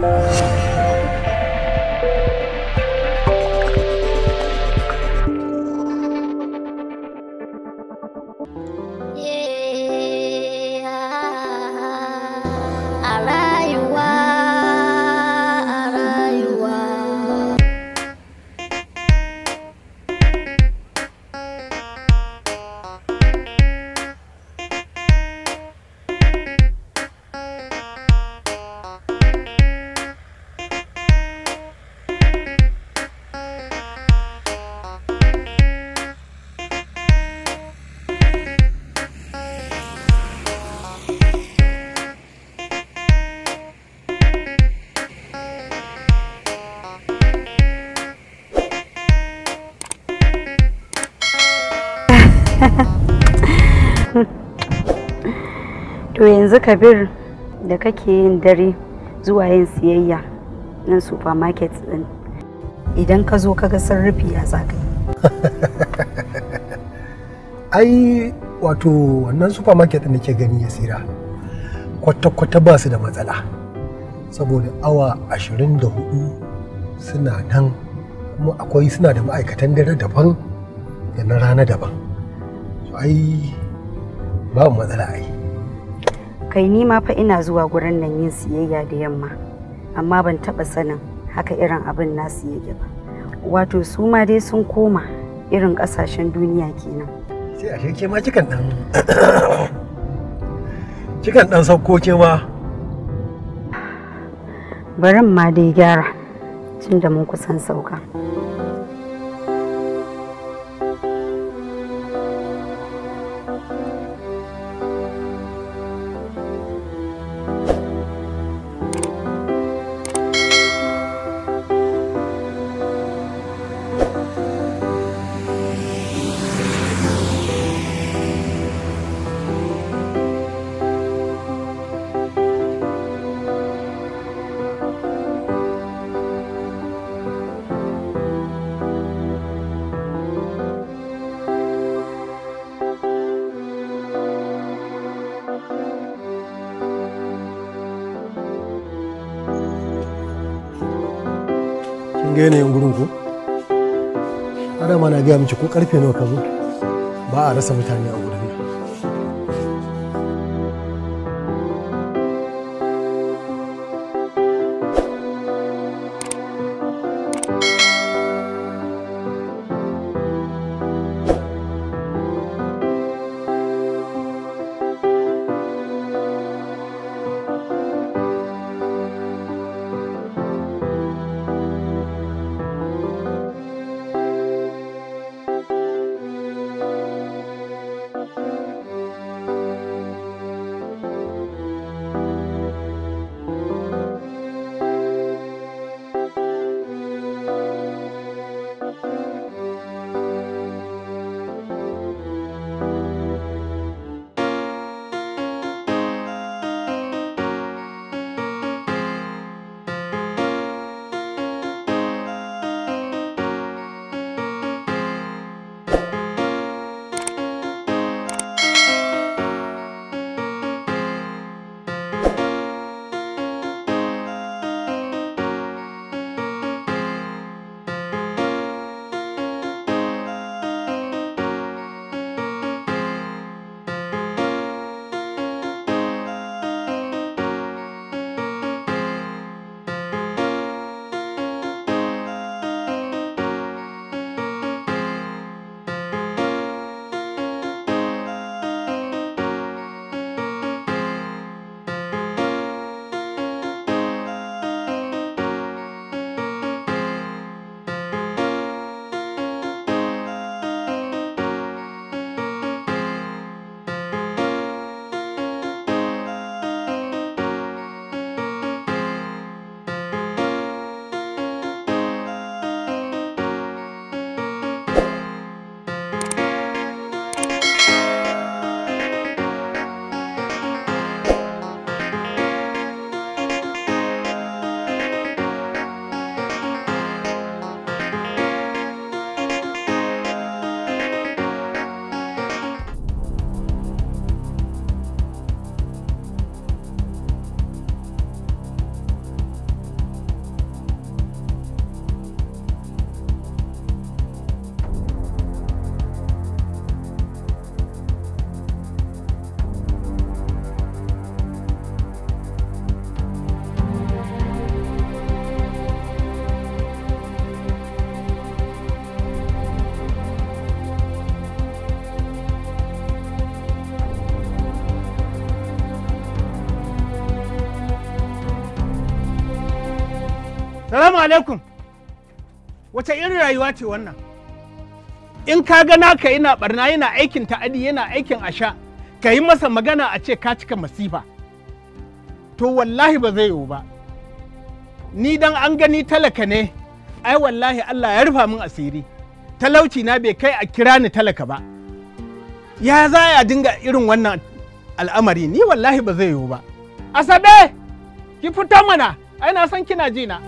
Música to yanzu kabir da kake yin dare zuwa yin siyayya na supermarket din idan ka zo kaga sarrafi ya zaka ai wato wannan supermarket din nake gani ya sira kwata-kwata ba su da matsala saboda awa 24 suna nan kuma akwai suna da ma'aikatan dare daban da na rana daban ai babu matsala ai kai ni ma fa ina zuwa gurin nan yin siyayya da yamma amma ban taɓa sanin haka irin abin nasu yake ba wato su ma dai sun koma irin ƙasashen duniya kenan sai ashe ke ma kikan dan kikan dan sauko ma barin ma dai gyara tunda mun kusan sauka. ga yanayin gurin ko har ma na gaya miki ko karfe nawa ka zo ba a rasa mutane a assalamu alaikum wata irin rayuwa ce wannan in ka ga naka yana barna yana aikin ta'adi yana aikin asha ka yi masa magana a ce ka cika masifa to wallahi ba zai yiwu ba ni dan an gani talaka ne ai wallahi Allah ya rufa min asiri talauci na bai kai a kira ni talaka ba ya za ya dinga irin wannan al'amari ni wallahi ba zai yiwu ba asabe ki fito mana ai na san kina ji na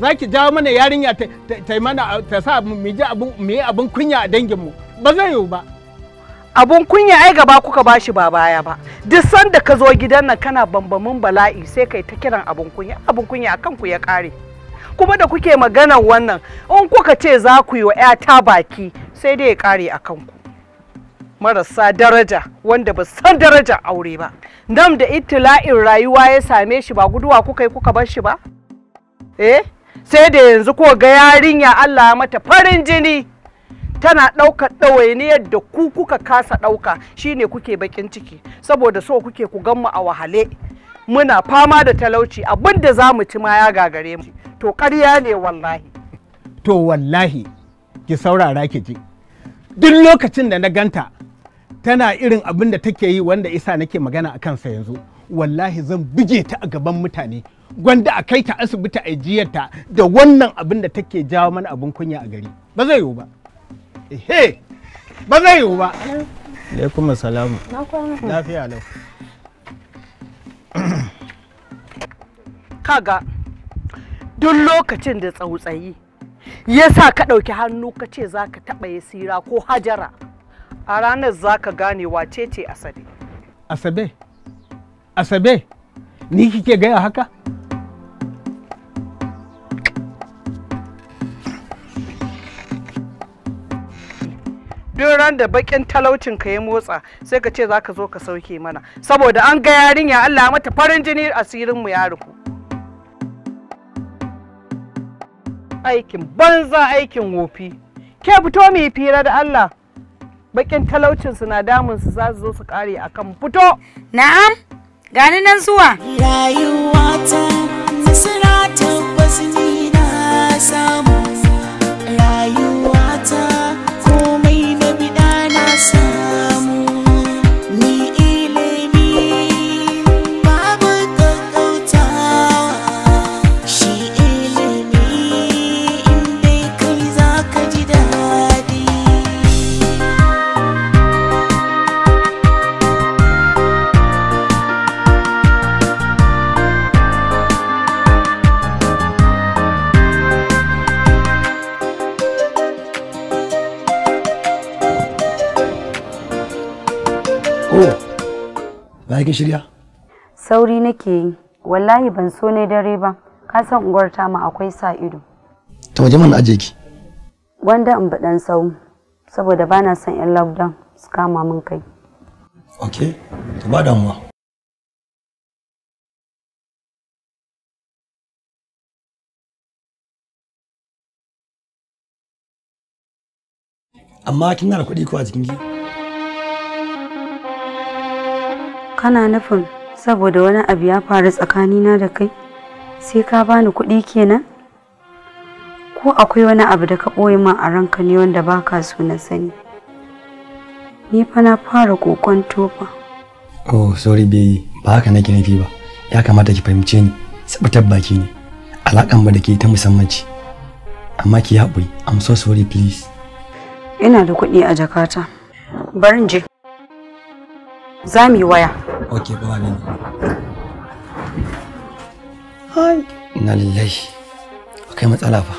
za ki jawo mana yarinya ta mana ta sa mu ji abun mu yi abun kunya a dangin mu ba zai yiwu ba abun kunya ai gaba kuka bashi ba baya ba duk sanda ka zo gidan nan kana bambamin bala'i sai kai ta kiran abun kunya abun kunya akan ku ya kare kuma da kuke maganar wannan in kuka ce za ku yi wa ta baki sai dai ya kare a kanku marasa daraja wanda ba san daraja aure ba dam da itila'in rayuwa ya same shi ba guduwa kuka yi kuka bar shi ba eh sai da yanzu ko ga yarinya Allah mata farin jini tana ɗaukar ɗawainiyar da ku kuka kasa ɗauka shine kuke bakin ciki saboda so kuke ku gan mu a wahale muna fama da talauci Abinda za mu ci ma ya gagare mu to ƙarya ne wallahi to wallahi ki saurara ki ji duk lokacin da na ganta tana irin abin da take yi wanda isa nake magana a kansa yanzu wallahi zan buge ta a gaban mutane gwanda a kai ta asibiti a jiyarta da wannan abin da take jawo mana abin kunya a gari ba zai yiwu ba ehe ba zai yiwu ba alaikum salamu lafiya lau kaga duk lokacin da tsautsayi ya sa ka ɗauki hannu ka ce za ka taɓa ya sira ko hajara a ranar za ka gane wace ce asabe asabe asabe ni kike gaya haka duk ran da bakin talaucin ka ya motsa sai ka ce za ka zo ka sauke mana saboda an ga yarinya Allah mata farin jini asirin mu ya rufu aikin banza aikin wofi ke fito mu yi fira da Allah bakin talaucin su na damun su za su zo su kare akan fito na'am Gani nan zuwa. Rayuwa ta nasara tabbas ni na samu. Allah yake shirya sauri nake yi wallahi ban so ne dare ba ka san unguwar ma akwai sa ido to waje mana aje ki wanda in baɗan sau saboda bana son yan lockdown su kama min kai okay to ba damuwa amma kina da kuɗi ko a cikin ki kana nufin saboda wani abu ya faru tsakanina da kai sai ka bani kuɗi kenan ko akwai wani abu da ka ɓoye ma a ranka ne wanda baka so na sani ni fa na fara kokon tofa oh sorry baby ba haka nake nufi ba ya kamata ki fahimce ni sabatar baki ne alakan ba da ke ta musamman ce amma ki haƙuri i'm so sorry please ina da kuɗi a jakata barin je za mu yi waya ok ba ne hai na lillahi akwai matsala fa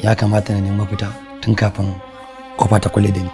ya kamata na nemi mafita tun kafin kofa ta kulle da ni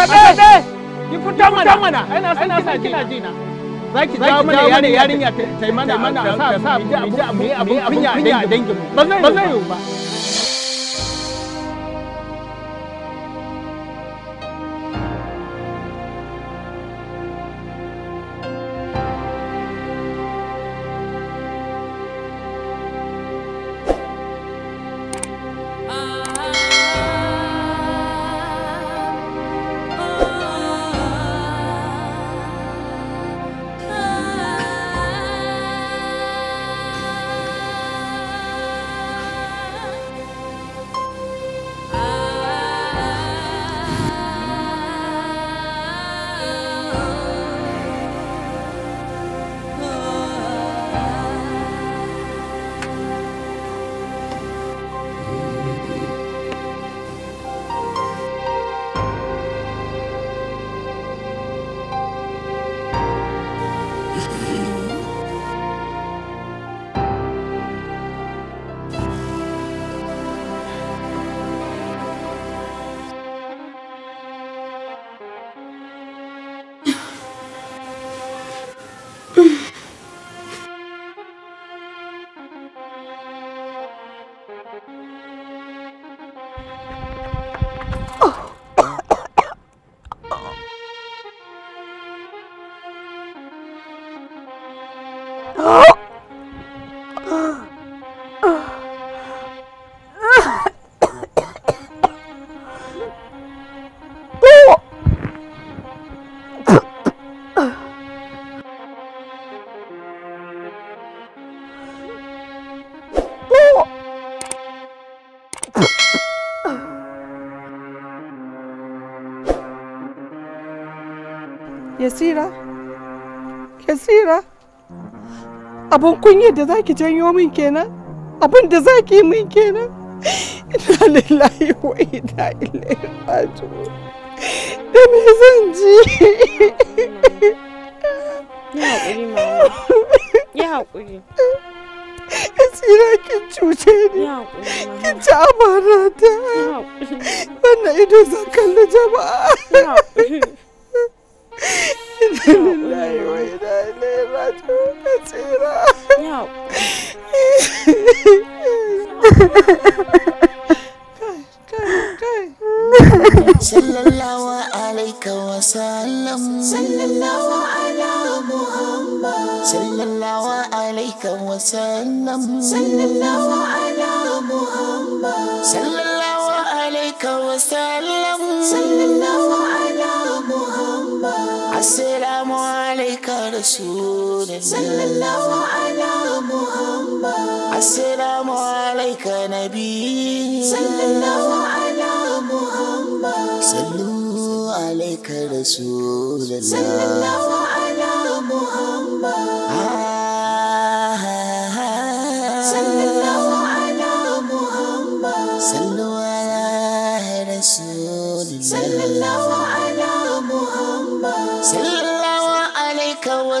asabe ki fita mana mana ina na kina kina ji na zaki dawo mana yare yarinya ta mana mana sa sa mu ji abu kunya dangin mu ba zai yi ba Yasira, Yasira, abin kunya da za ki janyo min kenan, abin da za ki yi min kenan. Ina lillahi wa ina ilaihi raji'un. Da me zan ji? Ya haƙuri mama, ya haƙuri. Yasira kin cuce ni, kin ci amana ta. Wannan ido zan kalli jama'a. صلى الله عليك وسلم صلى الله على محمد صلى الله عليك وسلم صلى الله على محمد صلى الله عليك وسلم صلى الله Assalamu alaika Rasulullah Sallallahu ala Muhammad Assalamu alaika Nabi Sallallahu ala Muhammad Sallu alaika Rasulullah Sallallahu ala Muhammad ah.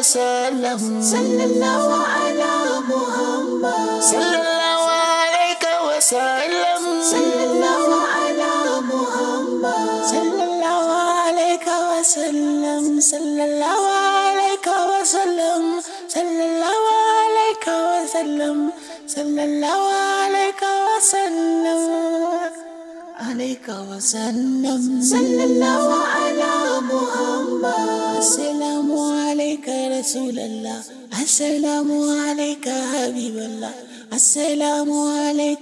وسلم صلى الله على محمد صلى الله عليك وسلم صلى الله على محمد صلى الله عليك وسلم صلى الله عليك وسلم صلى الله عليك وسلم صلى الله عليك وسلم alaika wa sallam sallallahu ala muhammad assalamu alayka ya rasulallah assalamu alayka habiballah assalamu alayka